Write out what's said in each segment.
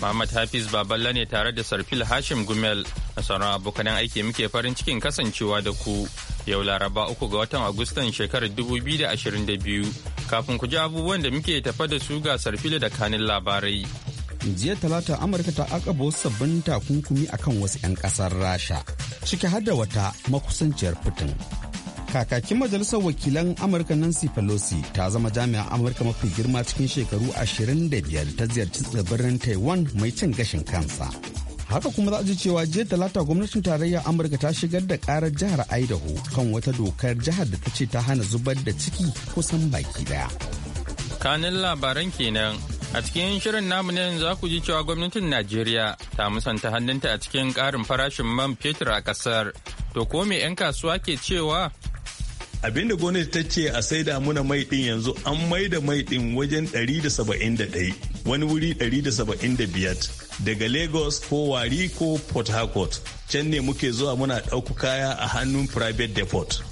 Muhammad Hafiz Baballa ne tare da Sarfil Hashim Gumel a sauran abokanan aiki muke farin cikin kasancewa da ku yau Laraba uku ga watan Agustan shekarar 2022 kafin ku ji abubuwan da muke tafa da su ga Sarfil da kanin labarai. Jiya Talata Amurka ta aka wasu sabbin takunkumi akan wasu 'yan kasar Rasha ciki har da wata makusanciyar Putin. kakakin majalisar wakilan amurka nancy pelosi ta zama jami'a amurka mafi girma cikin shekaru 25 ta ziyarci tsibirin taiwan mai cin gashin kansa haka kuma za a ji cewa jiya talata gwamnatin tarayyar amurka ta shigar da karar jihar idaho kan wata dokar jihar da ta ce ta hana zubar da ciki kusan baki daya kanin labaran kenan a cikin shirin namu ne za ku ji cewa gwamnatin najeriya ta musanta hannunta a cikin karin farashin man fetur a kasar to ko me 'yan kasuwa ke cewa abinda gwamnati ta ce a saida muna mai din yanzu an mai da mai din wajen 171 wani wuri 175 daga lagos ko wari ko port harcourt can ne muke zuwa muna ɗauku kaya a hannun private depot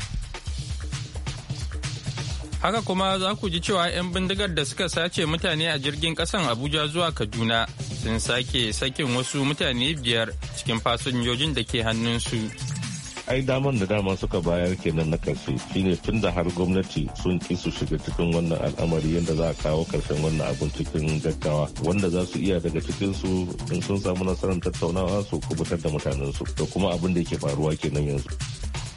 haka kuma za ku ji cewa 'yan bindigar da suka sace mutane a jirgin kasan abuja zuwa kaduna sun sake sakin wasu mutane biyar cikin fasinjojin da ke hannunsu. su ai daman da dama suka bayar kenan na karshe shine tun da har gwamnati sun ki su shiga cikin wannan al'amari yadda za a kawo karshen wannan abun cikin gaggawa wanda za su iya daga cikin su in sun samu nasarar tattaunawa su kubutar da mutanen su da kuma abin da yake faruwa kenan yanzu.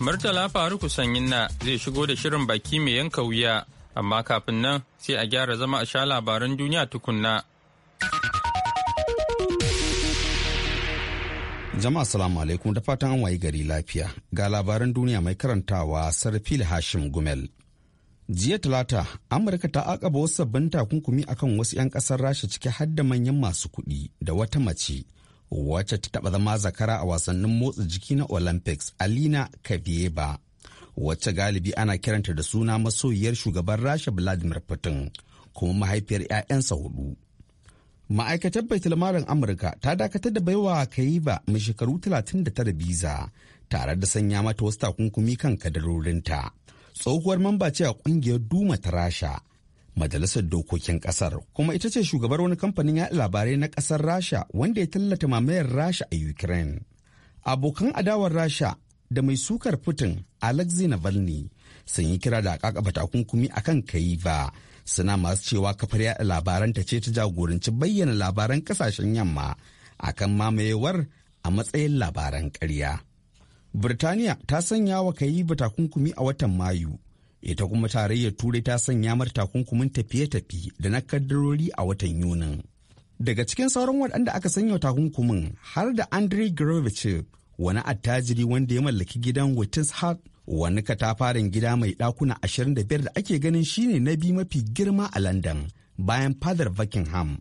Murtala Faruku Sanyinna zai shigo da shirin baki mai yanka wuya amma kafin nan sai a gyara zama a sha labaran duniya tukunna. Jama'a salamu alaikum da fatan an wayi gari lafiya ga labaran duniya mai karantawa Sarfil Hashim Gumel. Jiya Talata, Amurka ta akaba wasu sabbin takunkumi akan wasu 'yan kasar Rasha ciki har da manyan masu kuɗi da wata mace wacce ta taɓa zama zakara a wasannin motsa jiki na Olympics Alina Kabeba. Wacce galibi ana kiranta da suna masoyiyar shugaban Rasha Vladimir Putin kuma mahaifiyar 'ya'yansa hudu. ma'aikatar baitulmarin amurka ta dakatar da baiwa kaiba mai shekaru 39 biza tare da sanya mata wasu takunkumi kan kadarorinta tsohuwar mamba ce a kungiyar duma ta rasha majalisar dokokin kasar kuma ita ce shugabar wani kamfanin yaɗa labarai na kasar rasha wanda ya tallata mamayar rasha a ukraine abokan adawar rasha da mai sukar putin alexei navalny sun yi kira da kakaba takunkumi akan kaiba suna masu cewa kafar yada labaranta ce ta jagoranci bayyana labaran kasashen yamma a kan mamayewar a matsayin labaran karya Birtaniya ta sanya wa kayiba takunkumi a watan Mayu, ita kuma tarayyar Turai ta sanya mar takunkumin tafiye-tafi da na kaddarori a watan Yunin. Daga cikin sauran waɗanda aka sanya takunkumin har da Andrei Grovich, wani attajiri wanda ya mallaki gidan hart wani katafaren gida mai ɗakuna 25 da ake ganin shine na biyu mafi girma a london bayan fadar buckingham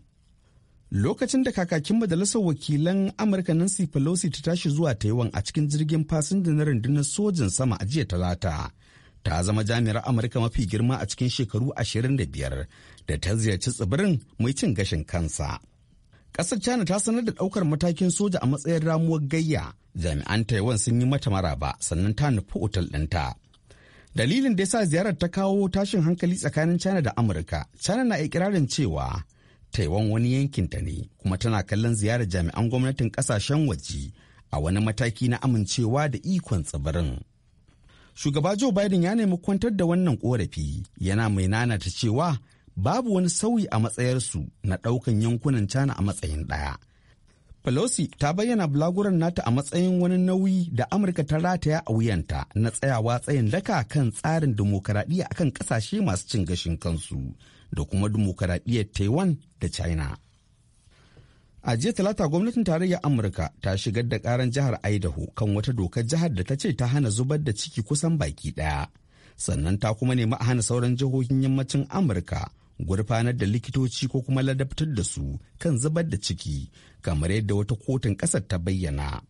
lokacin da kakakin majalisar wakilan amurka nancy pelosi ta tashi zuwa taiwan a cikin jirgin fasinja na rundunar sojin sama a jiya talata ta zama jami'ar amurka mafi girma a cikin shekaru 25 da ta ziyarci tsibirin mai cin gashin kansa Ƙasar China ta sanar da ɗaukar matakin soja a matsayin ramuwar gayya. Jami'an Taiwan sun yi mata maraba sannan ta nufi otal ɗinta. Dalilin da ya sa ziyarar ta kawo tashin hankali tsakanin China da Amurka. China na ikirarin cewa Taiwan wani yankinta ne kuma tana kallon ziyarar jami'an gwamnatin ƙasashen waje a wani mataki na amincewa da ikon tsibirin. Shugaba Joe Biden ya nemi kwantar da wannan korafi yana mai nana ta cewa babu wani sauyi a matsayarsu na ɗaukan yankunan China a matsayin ɗaya. Pelosi ta bayyana bulaguran nata a matsayin wani nauyi da Amurka ta rataya a wuyanta na tsayawa tsayin daka kan tsarin dimokuraɗiyya akan ƙasashe masu cin gashin kansu da kuma dimokuraɗiyyar Taiwan da China. A jiya talata gwamnatin tarayyar Amurka ta shigar da ƙaran jihar Idaho kan wata dokar jihar da ta ce ta hana zubar da ciki kusan baki ɗaya. Sannan ta kuma nemi a hana sauran jihohin yammacin Amurka gurfanar da likitoci ko kuma ladabtar da su kan zubar da ciki kamar yadda wata kotun ƙasar ta bayyana.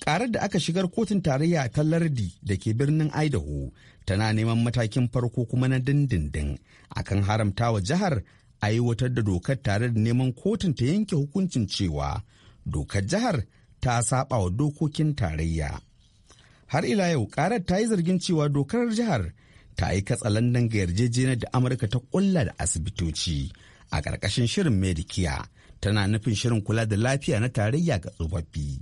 Ƙarar da aka shigar kotun tarayya ta lardi da ke birnin Idaho tana neman matakin farko kuma na dindindin akan haramtawa jihar aiwatar da dokar tare da neman kotun ta yanke hukuncin cewa dokar jihar ta saba wa dokokin tarayya. Har ila yau ƙarar ta yi zargin cewa dokar jihar ta yi katsalandan ga yarjejeniyar da amurka ta kulla da asibitoci a ƙarƙashin shirin medicare tana nufin shirin kula da lafiya na tarayya ga tsofaffi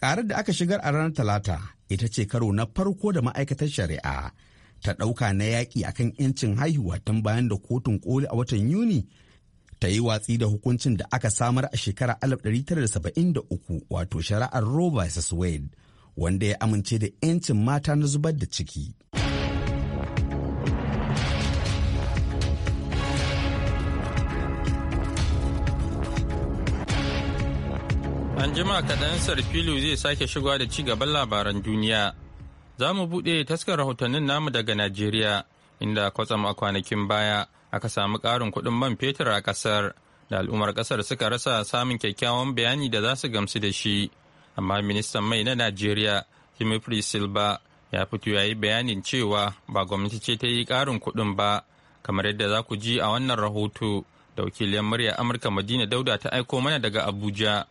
ƙarar da aka shigar a ranar talata ita ce karo na farko da ma'aikatar shari'a ta ɗauka na yaƙi akan 'yancin haihuwa tun bayan da kotun koli a watan yuni ta yi watsi da hukuncin da aka samar a shekarar 1973 wato shari'ar roe vs wade wanda ya amince da 'yancin mata na zubar da ciki. nan jima kaɗan Sarfilu zai sake shigowa da ci gaban labaran duniya. Za mu buɗe taskar rahotannin namu daga Najeriya, inda kwatsam a kwanakin baya aka samu ƙarin kuɗin man fetur a ƙasar, da al'ummar ƙasar suka rasa samun kyakkyawan bayani da za su gamsu da shi. Amma ministan mai na Najeriya, Timothy Silba, ya fito ya yi bayanin cewa ba gwamnati ce ta yi ƙarin kuɗin ba, kamar yadda za ku ji a wannan rahoto da wakiliyar murya Amurka Madina Dauda ta aiko mana daga Abuja.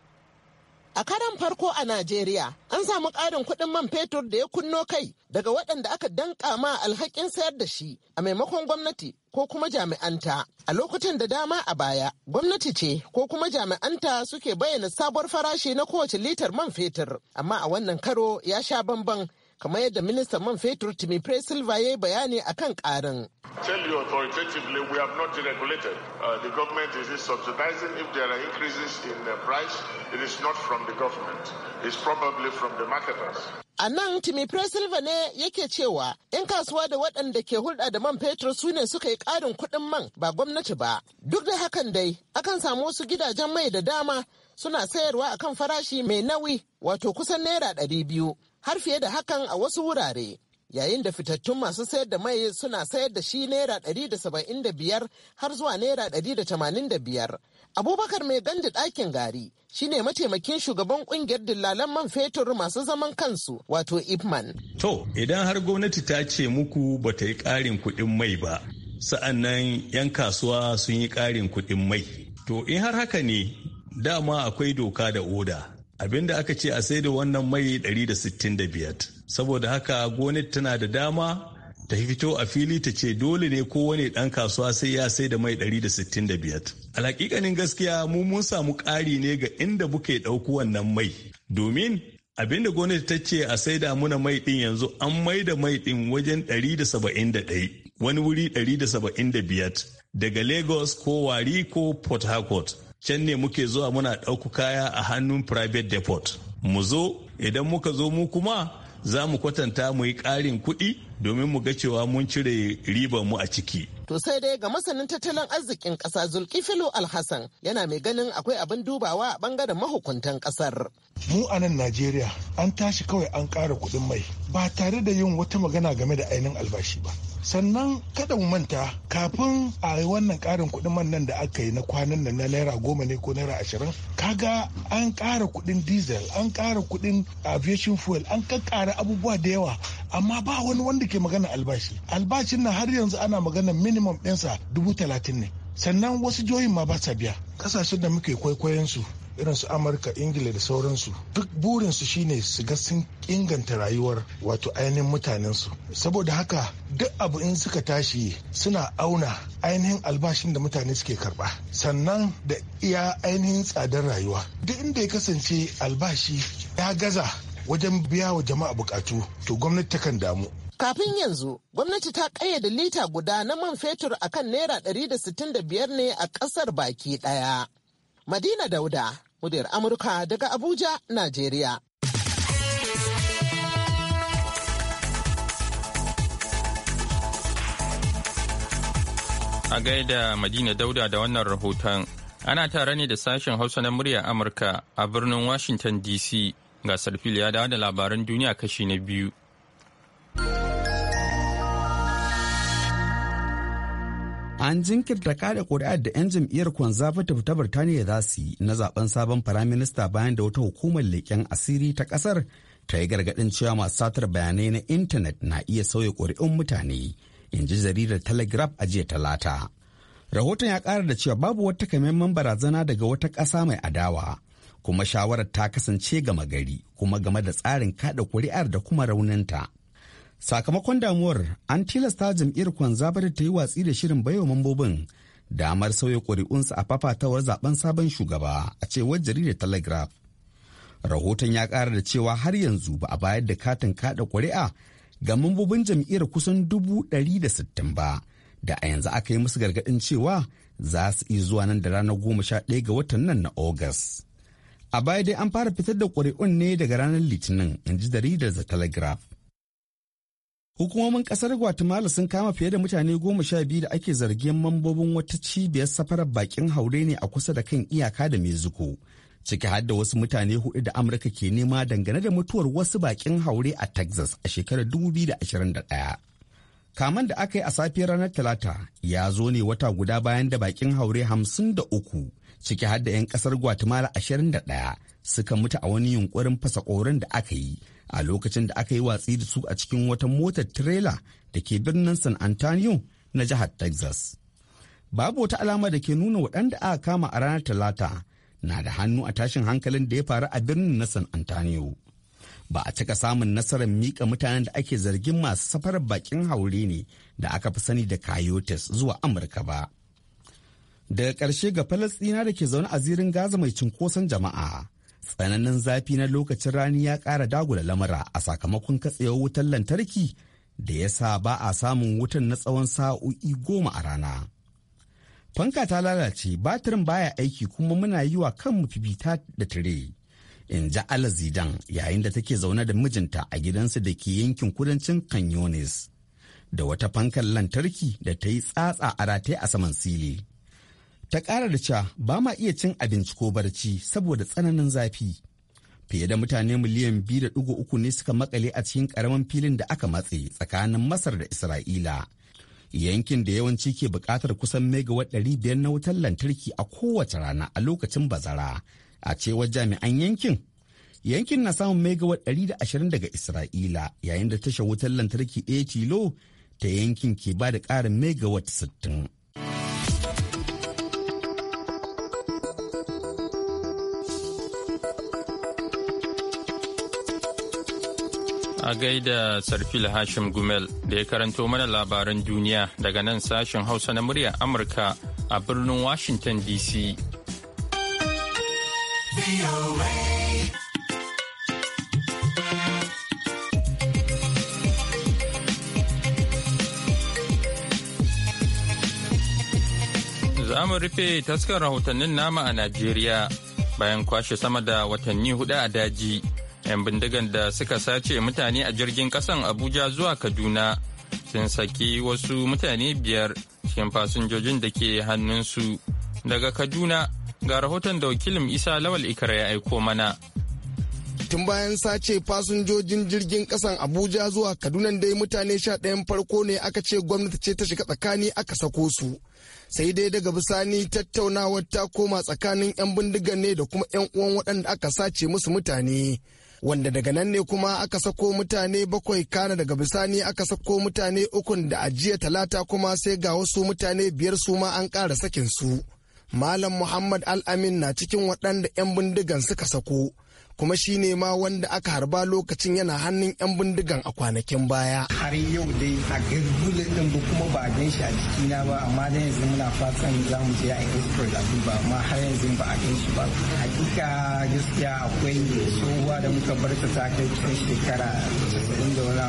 A karan farko a Najeriya, an samu ƙarin kuɗin man fetur da ya kunno kai daga waɗanda aka danƙa ma alhakin sayar da shi a maimakon gwamnati ko kuma jami'anta. A lokutan da dama a baya, gwamnati ce ko kuma jami'anta suke bayyana sabuwar farashi na kowace litar man fetur, amma a wannan karo ya sha bamban kamar yadda ministan man fetur Timi Silva ya yi bayani a kan ƙarin. Uh, a nan Timi Silva ne yake cewa 'yan kasuwa da waɗanda ke hulɗa da man fetur su ne suka yi ƙarin kuɗin man ba gwamnati ba. Duk da hakan dai akan samu wasu gidajen mai da dama suna sayarwa akan farashi mai nauyi wato kusan naira ɗari biyu. har fiye da hakan a wasu wurare yayin da fitattun masu sayar da mai suna sayar da shi naira biyar har zuwa naira biyar, abubakar mai gandu ɗakin gari shine mataimakin shugaban kungiyar dillalan man fetur masu zaman kansu wato ipman to idan har gwamnati ta ce muku ba ta yi ƙarin kuɗin mai ba sa'annan 'yan kasuwa sun yi ƙarin kuɗin mai to in har haka ne dama akwai doka da oda abinda aka ce a sai da wannan mai 165 saboda haka gwamnati tana da dama ta fito a fili ta ce dole ne kowane ɗan kasuwa sai ya sai da mai 165 alhakikanin gaskiya mu mun samu ƙari ne ga inda muke ɗauko wannan mai domin abinda gwamnati ta ce a sai da muna mai ɗin yanzu an mai da mai ɗin wajen 171 wani wuri 175 daga lagos ko wari ko port harcourt can ne muke zuwa muna ɗauku kaya a hannun private depot mu zo idan muka zo mu kuma za mu kwatanta mu yi ƙarin kuɗi domin mu ga cewa mun cire ribar mu a ciki To sai dai ga masanin tattalin arzikin ƙasa Zulkifilu Alhassan yana mai ganin akwai abin dubawa a ɓangaren mahukuntan ƙasar. Mu a nan Najeriya an tashi kawai an ƙara kuɗin mai ba tare da yin wata magana game da ainihin albashi ba. sannan kada mu manta kafin a yi wannan karin kuɗin man nan da aka yi na kwanan nan na naira goma ne ko naira ashirin kaga an ƙara kuɗin diesel an ƙara kuɗin aviation fuel an ƙara abubuwa da yawa amma ba wani wanda ke magana albashi albashin na har yanzu ana magana minimum ɗinsa dubu talatin ne sannan wasu jihohin ma ba sa biya kasashen da muke kwaikwayon su irin su amurka ingila da sauransu duk burinsu shine su ga sun inganta rayuwar wato ainihin mutanensu saboda haka duk abu in suka tashi suna auna ainihin albashin da mutane suke karba sannan da iya ainihin tsadar rayuwa duk inda ya kasance albashi ya gaza wajen biya wa jama'a bukatu to gwamnati takan damu Kafin yanzu, gwamnati ta ƙayyade lita guda na man fetur a kan Naira 165 ne a ƙasar baki ɗaya. Madina Dauda, muryar Amurka daga Abuja, Najeriya. A gaida Madina Dauda da wannan rahoton, ana tare ne da sashen Hausa na muryar Amurka a birnin Washington DC. Gasar fili ya dawo da labaran duniya kashi na biyu. An jinkirta kada kuri'ar da 'yan jam'iyyar Conservative ta Birtaniya za su yi na zaben sabon firaminista bayan da wata hukumar leƙen asiri ta ƙasar ta yi gargaɗin cewa masu satar bayanai na intanet na iya sauya ƙuri'un mutane, in ji jaridar Telegraph a jiya talata. Rahoton ya ƙara da cewa babu wata takamaiman barazana daga wata ƙasa mai adawa, kuma shawarar ta kasance gama gari kuma game da tsarin kaɗa kuri'ar da kuma rauninta. sakamakon damuwar an tilasta jam'iyyar kwanza bari ta yi watsi da shirin baiwa mambobin damar sauya ƙuri'unsu a fafatawar zaben sabon shugaba a cewar jaridar telegraph rahoton ya ƙara da cewa har yanzu ba a bayar da katin kaɗa ƙuri'a ga mambobin jam'iyyar kusan dubu ɗari da sittin ba da a yanzu aka yi musu gargaɗin cewa za su iya zuwa nan da ranar goma sha ɗaya ga watan nan na Ogas. A baya dai an fara fitar da ƙuri'un ne daga ranar Litinin, in ji jaridar The Telegraph. Hukumomin kasar Guatemala sun kama fiye da mutane goma sha biyu da ake zargin mambobin wata cibiyar safarar bakin haure ne a kusa da kan iyaka da Mexico. Ciki har da wasu mutane hudu da Amurka ke nema dangane da mutuwar wasu bakin haure a Texas a shekarar 2021. Kaman da aka yi a safiyar ranar Talata ya zo ne wata guda bayan da bakin haure hamsin da uku ciki har da 'yan kasar Guatemala 21 suka mutu a wani yunkurin fasa korin da aka yi a lokacin da aka yi watsi da su a cikin wata motar tirela da ke birnin San Antonio na jihar Texas. Babu wata alama da ke nuna waɗanda aka kama a ranar Talata na da hannu a tashin hankalin da ya faru a birnin na San Antonio. Ba a cika samun nasarar miƙa mutanen da ake zargin masu safarar bakin haure ne da aka fi sani da coyotes zuwa Amurka ba. daga ƙarshe ga falastina da ke zaune a zirin gaza mai cinkoson jama'a tsananin zafi na lokacin rani ya ƙara dagula lamura a sakamakon katsewar wutar lantarki da ya sa ba a samun wutan na tsawon sa'o'i goma a rana fanka ta lalace batirin baya aiki kuma muna yi wa kan fifita da tire in ji ala zidan yayin da take zaune da mijinta a gidansu da ke yankin kudancin kanyonis da wata fankar lantarki da ta yi tsatsa a rataye a saman sili. ta ƙara da cewa ba ma iya cin abinci ko barci saboda tsananin zafi fiye da mutane miliyan biyu da uku ne suka makale a cikin karamin filin da aka matse tsakanin masar da isra'ila yankin da yawanci ke buƙatar kusan megawatt biyar na wutar lantarki a kowace rana a lokacin bazara a cewar jami'an yankin yankin na samun megawatt ashirin daga isra'ila yayin da tashar wutar lantarki ɗaya tilo ta yankin ke ba da ƙarin megawatt sittin. A gaida Sarfil Hashim Gumel da ya karanto mana labaran duniya daga nan sashen Hausa na murya Amurka a birnin Washington DC. Za mu rufe taskar rahotannin nama a Najeriya bayan kwashe sama da watanni hudu a daji. 'yan bindigan da suka sace mutane a jirgin kasan abuja zuwa kaduna sun saki wasu mutane biyar cikin fasinjojin da ke hannunsu daga kaduna ga rahoton da wakilin isa lawal ikara ya aiko mana tun bayan sace fasinjojin jirgin kasan abuja zuwa kaduna dai mutane sha ɗayan farko ne aka ce gwamnati ce ta shiga tsakani aka sako su sai dai daga bisani tattaunawar ta koma tsakanin 'yan bindigan ne da kuma 'yan uwan waɗanda aka sace musu mutane wanda daga nan ne kuma aka sako mutane bakwai kana daga bisani aka sako mutane ukun da ajiya talata kuma sai ga wasu mutane biyar su ma an ƙara sakin su malam muhammad al-amin na cikin waɗanda 'yan bindigan suka sako kuma shi ne ma wanda aka harba lokacin yana hannun 'yan bindigan a kwanakin baya. Har yau dai a gargule ɗin ba kuma ba a gan shi a jikina ba amma da yanzu muna fatan za mu je a expert a duba amma har yanzu ba a gan shi ba. Hakika gaskiya akwai tsohuwa da muka bar ta ta kai cikin shekara da wani abu da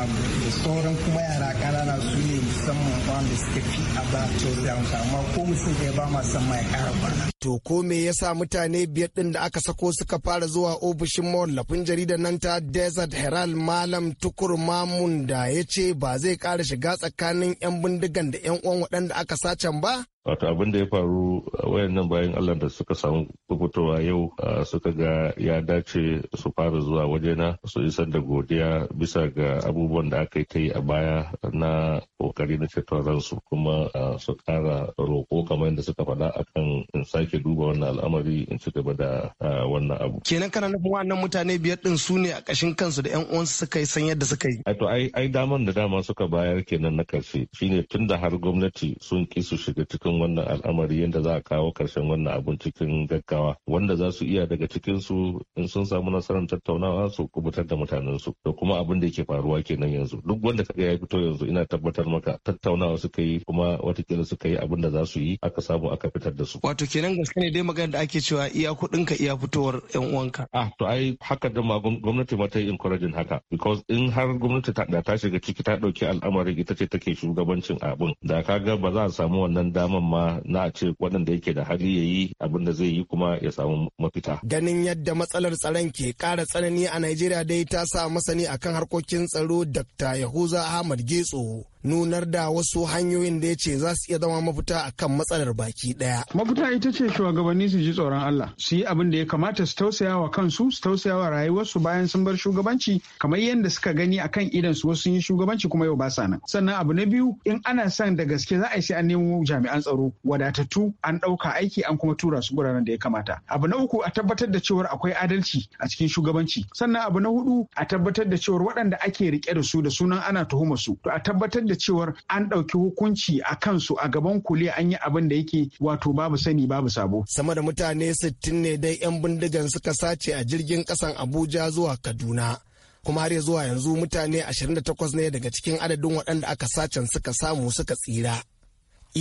sauran kuma yara ƙanana su ne musamman wanda suka fi a ba tozarta amma ko mutum kai ba ma san ma ya ƙara ba. To ko me yasa mutane biyar ɗin da aka sako suka fara zuwa ofishin ofishin mawallafin jaridar nan ta Desert Herald Malam Tukur Mamun da ya ce ba zai kara shiga tsakanin 'yan bindigan da 'yan uwan waɗanda aka sacen ba wato abin da ya faru wayannan bayan allah da suka samu kubutowa yau suka ga ya dace su fara zuwa wajena su isar da godiya bisa ga abubuwan da aka yi ta yi a baya na kokari na ceton ransu kuma su kara roko kamar yadda suka faɗa akan in sake duba wannan al'amari in ci gaba da wannan abu kenan kana nufin wannan mutane biyar ɗin su ne a ƙashin kansu da 'yan uwansu suka yi san yadda suka yi to ai daman da dama suka bayar kenan na karshe shine tunda har gwamnati sun ki su shiga cikin wannan al'amari yadda za a kawo karshen wannan abun cikin gaggawa wanda za su iya daga cikinsu in sun samu nasarar tattaunawa su kubutar da mutanensu da kuma abin da yake faruwa kenan yanzu duk wanda kaga ya fito yanzu ina tabbatar maka tattaunawa suka yi kuma watakila suka yi abin da za su yi aka samu aka fitar da su. Wato kenan gaske ne dai magana da ake cewa iya kuɗinka iya fitowar 'yan uwanka. Ah to ai haka da ma gwamnati ma ta yi encouraging haka because in har gwamnati ta da ta shiga ciki ta ɗauki al'amarin ita ce take shugabancin abin da kaga ba za a samu wannan dama musamman ma na ce waɗanda yake da hali ya yi abin da zai yi kuma ya samu mafita. Ganin yadda matsalar tsaron ke ƙara tsanani a Najeriya dai ta sa masani akan harkokin tsaro Dr. Yahuza Ahmad Getso nunar da wasu hanyoyin da ya ce za su iya zama mafita a kan matsalar baki daya. Mafita ita ce shugabanni su ji tsoron Allah, su yi abin da ya kamata su tausaya wa kansu, su tausaya wa rayuwarsu bayan sun bar shugabanci kamar yadda suka gani akan idan su wasu yi shugabanci kuma yau ba sa nan. Sannan abu na biyu in ana son da gaske za a yi sai an nemo jami'an tsaro wadatattu an ɗauka aiki an kuma tura su guraren da ya kamata. Abu na uku a tabbatar da cewar akwai adalci a cikin shugabanci. Sannan abu na hudu a tabbatar da cewar waɗanda ake rike da su da sunan ana tuhumar su. To a tabbatar da cewar an ɗauki hukunci a kansu a gaban kule an yi abin da yake wato babu sani babu sabo. Sama da mutane sittin ne dai 'yan bindigan suka sace a jirgin ƙasan Abuja zuwa Kaduna. kuma har zuwa yanzu mutane 28 ne daga cikin adadin waɗanda aka sace suka samu suka tsira.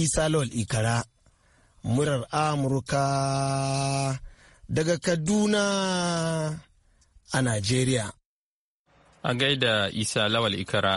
Isa Lol Ikara, murar Amurka daga Kaduna a Najeriya. A gaida Isa Lawal Ikara.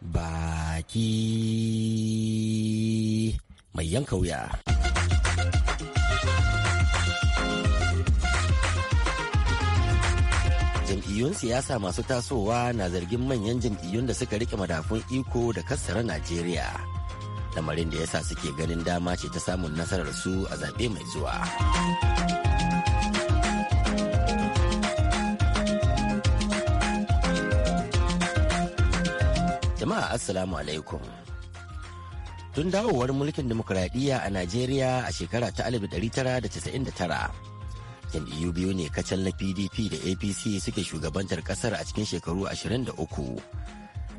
baki mai yanka wuya. jam'iyyun siyasa masu tasowa na zargin manyan jam'iyyun da suka rike madafun iko da kassara najeriya lamarin da yasa suke ganin dama ce ta samun nasarar su a zaɓe mai zuwa. Jama'a Assalamu alaikum. Tun dawowar mulkin demokuraɗiyya a Najeriya a shekara ta 1999, jam'iyyu biyu ne kacal na PDP da APC suke shugabantar kasar a cikin shekaru 23.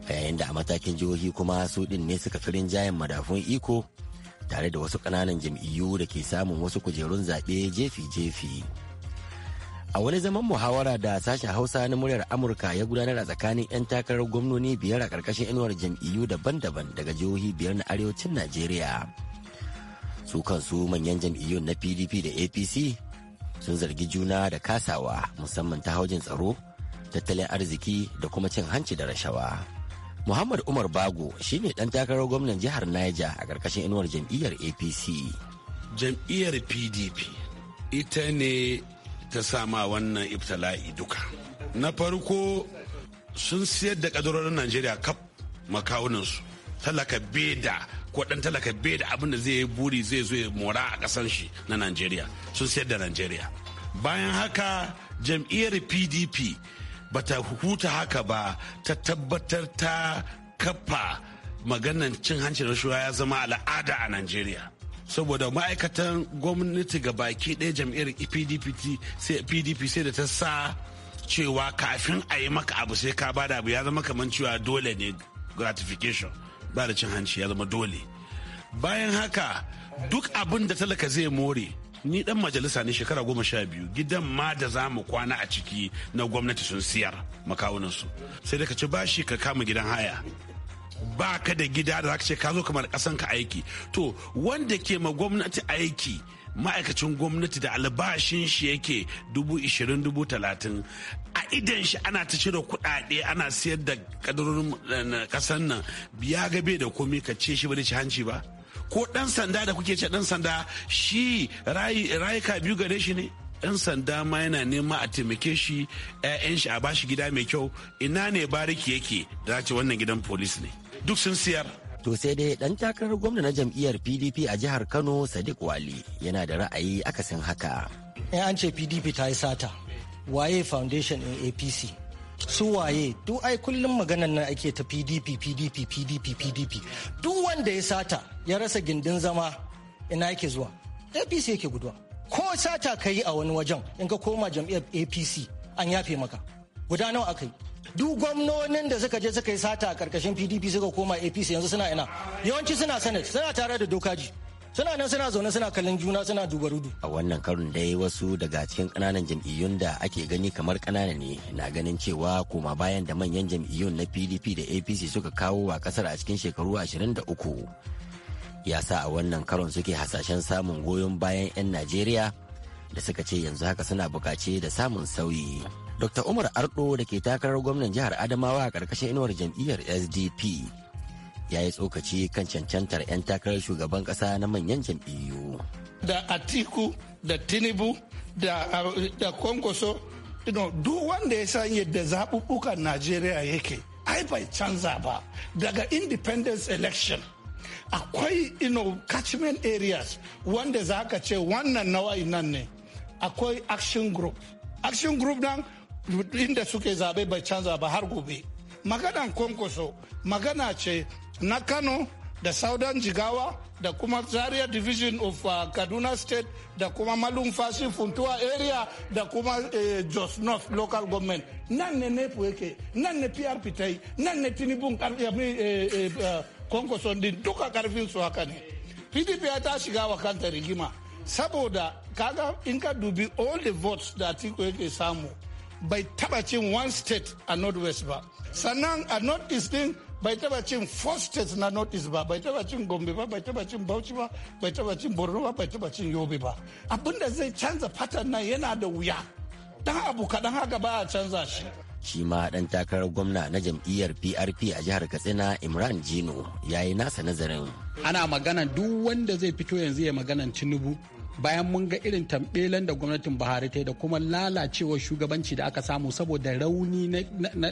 A yayin da a matakin jihohi kuma su ɗin ne suka firin jayen madafun iko tare da wasu ƙananan jam'iyyu da ke samun wasu kujerun zaɓe jefi-jefi. a wani zaman muhawara da sashen hausa na muryar amurka ya gudanar a tsakanin 'yan takarar gwamnoni biyar a karkashin inuwar jam'iyyu daban-daban daga jihohi biyar na arewacin najeriya su kansu manyan jam'iyyun na pdp da apc sun zargi juna da kasawa musamman ta haujin tsaro tattalin arziki da kuma cin hanci da rashawa muhammad umar bago shi ne ɗan takarar gwamnan jihar niger a karkashin inuwar jam'iyyar apc jam'iyyar pdp ita ne ta sama wannan iftala'i duka na farko sun siyar da kadarorin najeriya kaf makawuninsu talaka beda ko dan talaka beda abin da zai yi buri zai zo mora a kasan shi na najeriya sun siyar da najeriya bayan haka jam'iyyar pdp bata huta haka ba ta tabbatar ta kafa maganan cin hancin da ya zama al'ada a najeriya saboda ma'aikatan gwamnati ga baki ɗaya jam'iyyar pdp sai da ta sa cewa kafin a yi maka abu sai ka bada abu ya zama kamar cewa dole ne gratification ba da cin hanci ya zama dole bayan haka duk abin da talaka zai more ni dan majalisa ne shekara goma sha biyu gidan ma da za mu kwana a ciki na gwamnati sun siyar makawuninsu sai da ka ci bashi ka kama gidan haya ba ka da gida da zaka ce ka zo kamar kasan ka aiki to wanda ke ma gwamnati aiki ma'aikacin gwamnati da albashin shi yake dubu ishirin dubu talatin a idan shi ana ta cire kuɗaɗe ana siyar da kadarorin kasan eh, nan ya gabe da komi ka ce shi ba ci hanci ba ko ɗan sanda da kuke ce dan sanda shi rayuka biyu gare shi ne ɗan sanda ma yana nema a taimake shi 'ya'yan shi a bashi gida mai kyau ina ne bariki yake da ce wannan gidan polis ne duk sun siyar To sai dai dan takarar gwamna na jam'iyyar PDP a jihar Kano Sadiq Wali yana da ra'ayi akasin haka. In an ce PDP ta yi sata, waye foundation in APC? Su waye duk ai kullum maganan nan ake ta PDP PDP PDP PDP. Duk wanda ya sata ya rasa gindin zama ina yake zuwa. APC yake guduwa. Ko sata ka yi a wani wajen in ka koma jam'iyyar APC an yafe maka. Guda nawa aka yi? duk gwamnonin da suka je suka yi sata a karkashin pdp suka koma apc yanzu suna ina yawanci suna senate suna tare da dokaji suna nan suna zaune suna kallon juna suna duba rudu. A wannan karon dai wasu daga cikin kananan jam'iyyun da ake gani kamar kanana ne na ganin cewa koma bayan da manyan jam'iyyun na PDP da APC suka kawo wa kasar a cikin shekaru 23. Ya sa a wannan karon suke hasashen samun goyon bayan 'yan Najeriya da suka ce yanzu haka suna bukaci da samun sauyi. Dr. Umar Ardo da ke takarar gwamnan jihar Adamawa a ƙarƙashin inuwar jam'iyyar SDP ya yi tsokaci kan cancantar 'yan takarar shugaban ƙasa na manyan jam'iyyu. Da Atiku da Tinubu da, uh, da Kwankwaso duk wanda ya san yadda zaɓuɓɓukan Najeriya yake ai bai canza ba daga independence election akwai ino catchment areas wanda za ka ce wannan nawa'in nan ne akwai action group action group nan inda suke zaɓe bai canza ba har gobe maganan kwankwaso magana ce na kano da southern jigawa da kuma zaria division of uh, kaduna state da kuma malumfashi funtua area da kuma eh, jos north local government nan ne nepu yake nan ne prp ta yi nan ne eh, eh, eh, kwankwason din duka karfin su haka ne pdp ya ta shiga wa kanta rigima saboda kaga in ka dubi all the votes da atiku yake samu bai taba cin one state a west ba sannan a northeast din bai taba cin four states na northeast ba bai taba cin gombe ba bai taba cin bauchi ba bai taba cin borno ba bai taba cin yobe ba abinda zai canza fatan nan yana da wuya dan abu kaɗan haka ba a canza shi shi ma dan takarar gwamna na jam'iyyar PRP a jihar Katsina Imran Jino yayi yi nasa nazarin. Ana magana duk wanda zai fito yanzu ya maganan Tinubu bayan mun ga irin tamɓelen da gwamnatin buhari ta yi da kuma lalacewar shugabanci da aka samu saboda rauni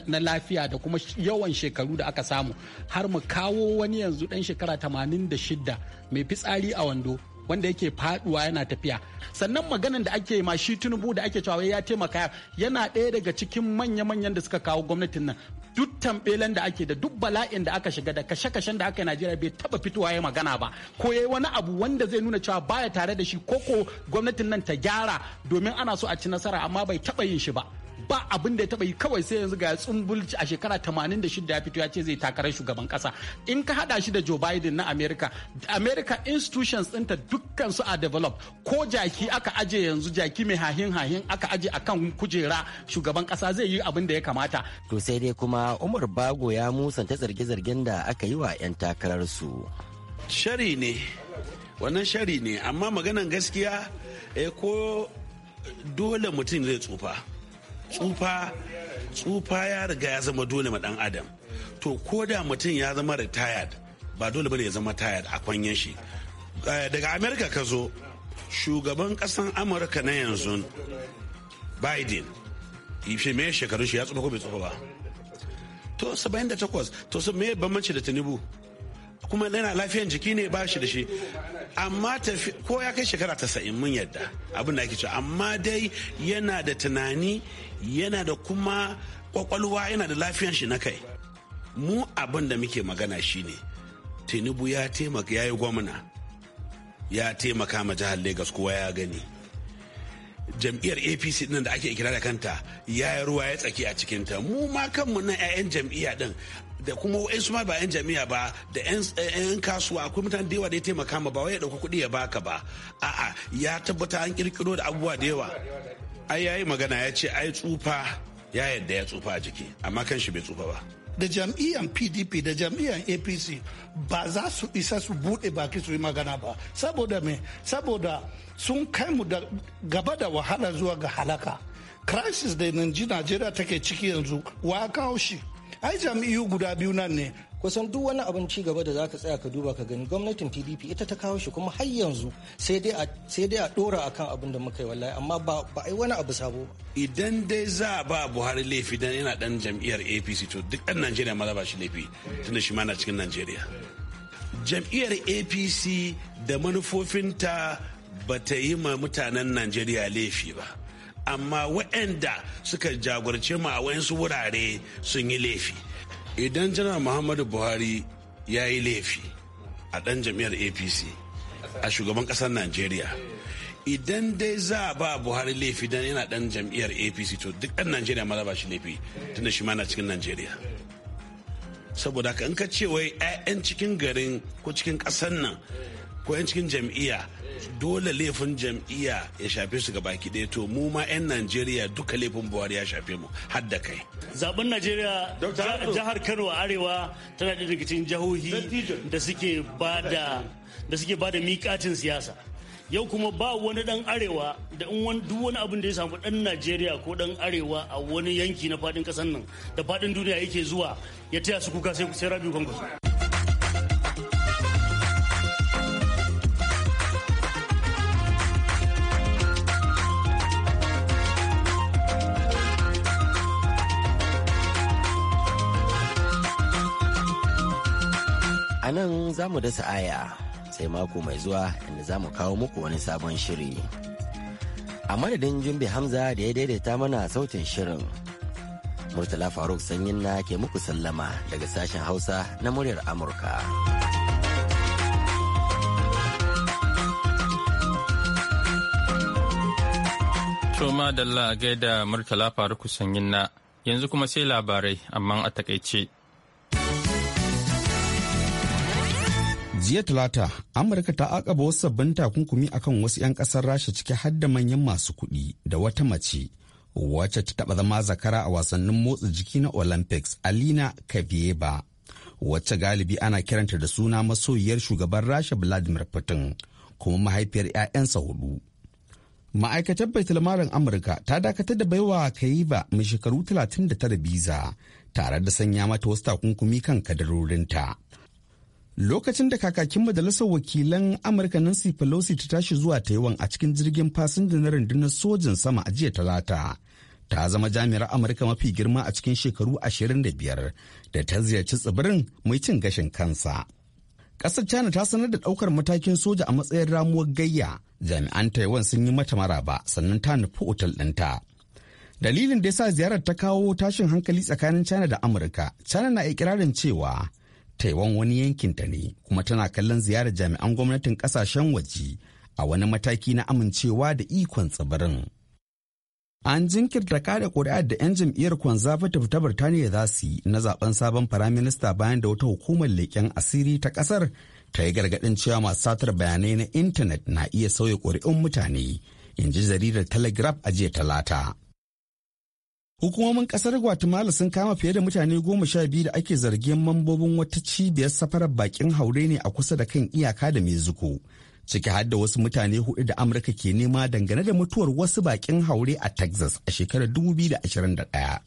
na lafiya da kuma yawan shekaru da aka samu har mu kawo wani yanzu ɗan shekara 86 mai fitsari a wando wanda yake faduwa yana tafiya sannan maganan da ake ma shi tunubu da ake cewa ya taimaka yana ɗaya daga cikin manya-manyan da suka kawo gwamnatin nan duk tambelen da ake da duk bala'in da aka shiga da kashe-kashen da aka yi Najeriya bai taba fitowa ya magana ba ko yayi wani abu wanda zai nuna cewa baya tare da shi koko gwamnatin nan ta gyara domin ana so a ci nasara amma bai taba yin shi ba ba abin da ya taba yi kawai sai yanzu ga tsumbulci a shekara 86 ya fito ya ce zai takarar shugaban kasa in ka hada shi da Joe Biden na America America institutions ɗinta dukkan su a develop ko jaki aka aje yanzu jaki mai hahin hahin aka aje akan kujera shugaban kasa zai yi abin da ya kamata to sai dai kuma Umar Bago ya musanta zarge-zargen da aka yi wa 'yan takarar su shari ne wannan shari ne amma maganan gaskiya eh, ko dole mutum zai tsufa tsufa tsufa ya riga ya zama dole ma dan adam to ko da mutum ya zama retired ba dole bane ya zama tired a kwanyen shi eh, daga america ka zo shugaban kasan amurka na yanzu biden shi mai shekarun shi ya tsufa ko bai tsufa ba to 78 to me bambanci da tinubu kuma yana lafiyan jiki ne ba shi da shi amma tafi ko ya kai shekara sa'in mun yadda abin da ake cewa amma dai yana da tunani yana da kuma kwakwalwa yana da lafiyan shi na kai mu abin da muke magana shine tinubu ya taimaka ya yi gwamna ya taimaka ma jihar Legas kowa ya gani jam'iyyar apc nan da ake kira da kanta ya yi ruwa ya tsaki a cikinta mu ma kanmu na 'ya'yan jam'iyya din da kuma wa'insu ma ba 'yan jami'a ba da 'yan kasuwa akwai mutane da yawa da ya taimaka ma ba wai ya dauka kuɗi ya baka ba a'a ya tabbata an kirkiro da abubuwa da yawa ai yayi magana ya ce ai tsufa ya yadda ya tsufa jiki amma kan shi bai tsufa ba da jam'iyyar pdp da jam'iyyar apc ba za su isa su bude baki su yi magana ba saboda me saboda sun kai mu da gaba da wahala zuwa ga halaka crisis da najeriya take ciki yanzu wa kawo shi ai jam'iyyu guda biyu nan ne kusan duk wani abin ci gaba da zaka tsaya ka duba ka gani gwamnatin PDP ita ta kawo shi kuma har yanzu sai dai a dora akan abin da muka yi wallahi amma ba a yi wani abu sabo idan dai za a ba Buhari laifi dan yana dan jam'iyyar APC to duk dan Najeriya ma ba shi laifi tunda shi ma na cikin Najeriya jam'iyyar APC da manufofinta ba ta yi ma mutanen Najeriya laifi ba amma waɗanda suka jagorce mu a wayansu wurare sun yi laifi idan janar muhammadu buhari ya yi laifi a ɗan jam'iyyar apc a shugaban ƙasar najeriya idan dai za a ba buhari laifi dan yana ɗan jam'iyyar apc to duk ɗan najeriya ma za ba shi laifi tunda shi ma na cikin najeriya saboda ka in ka ce wai 'ya'yan cikin garin ko cikin ƙasar nan ko 'yan cikin jam'iyya dole laifin jam'iyya ya shafe su ga baki ɗaya to mu ma 'yan najeriya duka laifin buhari ya shafe mu har kai zaben najeriya jihar kano a arewa tana da rikicin jihohi da suke ba da suke bada siyasa yau kuma ba wani dan arewa da in duk wani abin da ya samu dan najeriya ko dan arewa a wani yanki na fadin kasar nan da fadin duniya yake zuwa ya taya su kuka sai rabi kwankwaso anan nan za mu dasa aya sai mako mai zuwa inda za mu kawo muku wani sabon shiri. A madadin Jumbe Hamza da ya daidaita mana sautin shirin. Murtala Faruk Sanyin na ke muku sallama daga sashen Hausa na muryar Amurka. Toma Dalla gaida Murtala Faruk Sanyin na yanzu kuma sai labarai amma a takaice. jiya talata amurka ta akaba wasu sabbin takunkumi akan wasu 'yan kasar rasha ciki har da manyan masu kuɗi da wata mace wacce ta taɓa zama zakara a wasannin motsa jiki na olympics alina kabeba wacce galibi ana kiranta da suna masoyiyar shugaban rasha vladimir putin kuma mahaifiyar 'ya'yansa hudu ma'aikatar baitulmarin amurka ta dakatar da baiwa kayiba mai shekaru 39 biza tare da sanya mata wasu takunkumi kan kadarorinta. lokacin da kakakin majalisar wakilan amurka nancy pelosi ta tashi zuwa taiwan a cikin jirgin fasinja na rundunar sojin sama a jiya talata ta zama jami'ar amurka mafi girma a cikin shekaru 25 da ta ziyarci tsibirin mai cin gashin kansa ƙasar china ta sanar da ɗaukar matakin soja a matsayin ramuwar gayya jami'an taiwan sun yi mata maraba sannan ta nufi otal ɗinta dalilin da ya sa ziyarar ta kawo tashin hankali tsakanin china da amurka china na ikirarin cewa taiwan wani yankin ta ne kuma tana kallon ziyarar jami'an gwamnatin kasashen waje a wani mataki na amincewa da ikon tsibirin an jinkirta kare kuri'ar da 'yan jam'iyyar conservative ta birtaniya za su yi na zaben sabon firaminista bayan da wata hukumar leƙen asiri ta ƙasar ta yi gargaɗin cewa masu satar bayanai na intanet na iya sauya ƙuri'un mutane in ji jaridar telegraph a jiya talata Hukumomin kasar Guatemala sun kama fiye da mutane goma sha biyu da ake zargin mambobin wata cibiyar safarar bakin haure ne a kusa da kan iyaka da Mexico. Ciki har wasu mutane hudu da Amurka ke nema dangane da mutuwar wasu bakin haure a Texas a shekarar 2021.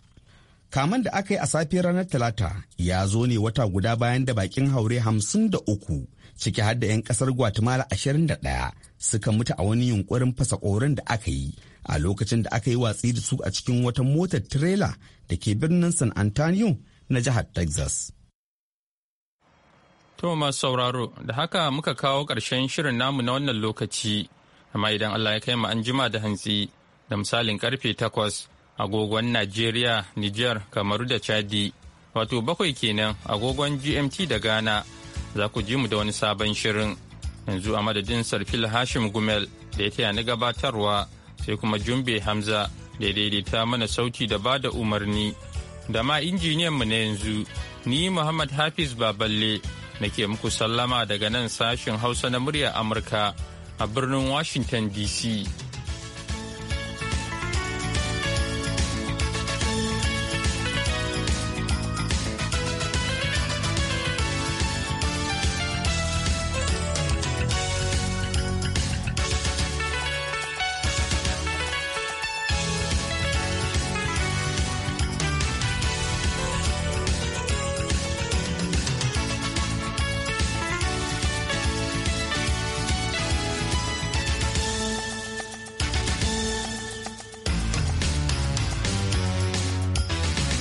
Kaman da aka yi a safiyar ranar Talata ya zo ne wata guda bayan da bakin haure 53 ciki har da 'yan kasar Guatemala ɗaya. suka mutu a wani yunkurin fasa koren da aka yi a lokacin da aka yi watsi da su a cikin wata motar tirela da ke birnin san antonio na jihar texas thomas sauraro da haka muka kawo ƙarshen shirin namu na wannan lokaci amma idan allah ya kai mu an jima da hantsi da misalin karfe takwas agogon nigeria niger kamaru da chadi wato bakwai kenan agogon gmt da ghana za ku ji mu da wani sabon shirin yanzu a madadin sarfil hashim gumel da ya taya na gabatarwa sai kuma jumbe hamza da ya daidaita mana sauti da bada umarni da ma injiniyan mu na yanzu ni muhammad hafiz baballe na ke muku sallama daga nan sashin hausa na murya amurka a birnin washington dc